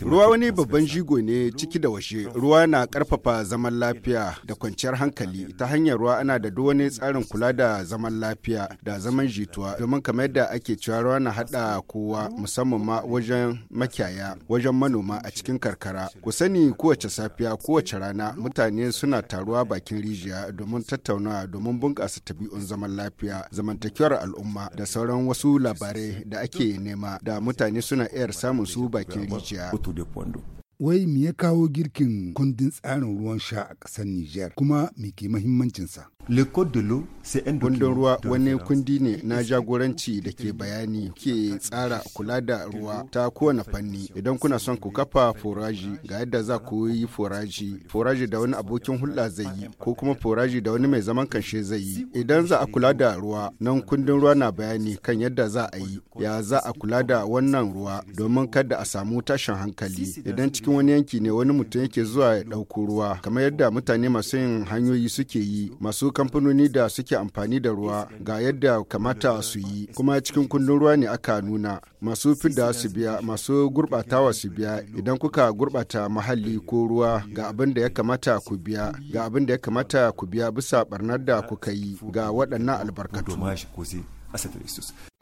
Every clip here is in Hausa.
Ruwa wani babban jigo ne ciki da washe. Ruwa na karfafa zaman lafiya da kwanciyar hankali. Ta hanyar ruwa ana da duk wani tsarin kula da zaman lafiya da zaman jituwa. Domin kamar yadda ake cewa ruwa na hada kowa musamman ma wajen makiyaya, wajen manoma a cikin karkara. Ku sani kowace safiya, kowace rana mutane suna taruwa bakin rijiya domin tattaunawa domin bunkasa tabi'un zaman lafiya, zamantakewar al'umma da sauran wasu labarai da ake nema da mutane suna iya samun su bakin rijiya. o de Pondo. Wai me ya kawo girkin kundin tsarin ruwan sha a ƙasar Nijar kuma me ke mahimmancinsa? Kundin ruwa wani kundi ne na jagoranci da ke bayani ke tsara kula da ruwa ta kowane fanni. Idan kuna son ku kafa foraji ga yadda za ku yi foraji, foraji da wani abokin hulɗa zai yi ko kuma foraji da wani mai zaman kanshe zai yi. Idan za a kula da ruwa nan kundin ruwa na bayani kan yadda za a yi, ya za a kula da wannan ruwa domin kada a samu tashin hankali. Idan cikin wani yanki ne wani mutum yake zuwa ya ɗauko ruwa kamar yadda mutane masu yin hanyoyi suke yi masu kamfanoni da suke amfani da ruwa ga yadda kamata su yi kuma cikin kundin ruwa ne aka nuna masu fidda su biya masu gurɓatawa su biya idan kuka gurɓata muhalli ko ruwa ga abin da ya kamata ku biya ga abin da ya kamata ku biya bisa barnar da kuka yi ga waɗannan albarkatu.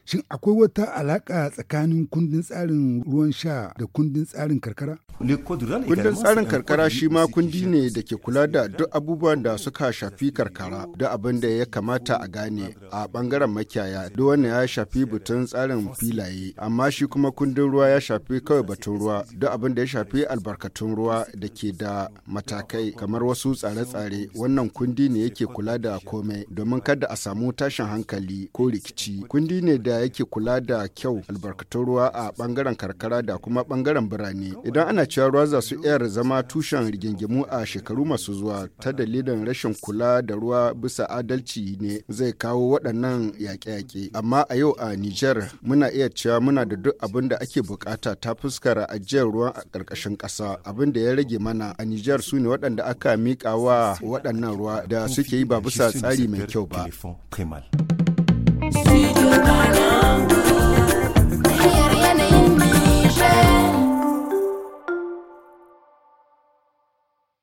Shin akwai wata alaƙa tsakanin kundin tsarin ruwan sha da kundin tsarin karkara? Kundin tsarin karkara shi ma kundi ne da ke kula da duk abubuwan da suka shafi karkara da abin da ya kamata a gane a ɓangaren makiyaya duk wanda ya shafi batun tsarin filaye amma shi kuma kundin ruwa ya shafi kawai batun ruwa duk abin da ya shafi albarkatun ruwa da ke da matakai kamar wasu tsare-tsare wannan kundi ne yake kula da komai domin kada a samu tashin hankali ko rikici kundi ne da yadda yake kula da kyau albarkatun ruwa a bangaren karkara da kuma bangaren birane idan ana cewa ruwa za su iya zama tushen rigingimu a shekaru masu zuwa ta dalilin rashin kula da ruwa bisa adalci ne zai kawo waɗannan yaƙe-yaƙe amma a yau a niger muna iya cewa muna da duk abin da ake bukata ta fuskar ajiyar ruwa a ƙarƙashin ƙasa abin da ya rage mana a niger su ne waɗanda aka miƙa wa waɗannan ruwa da suke yi ba bisa tsari mai kyau ba.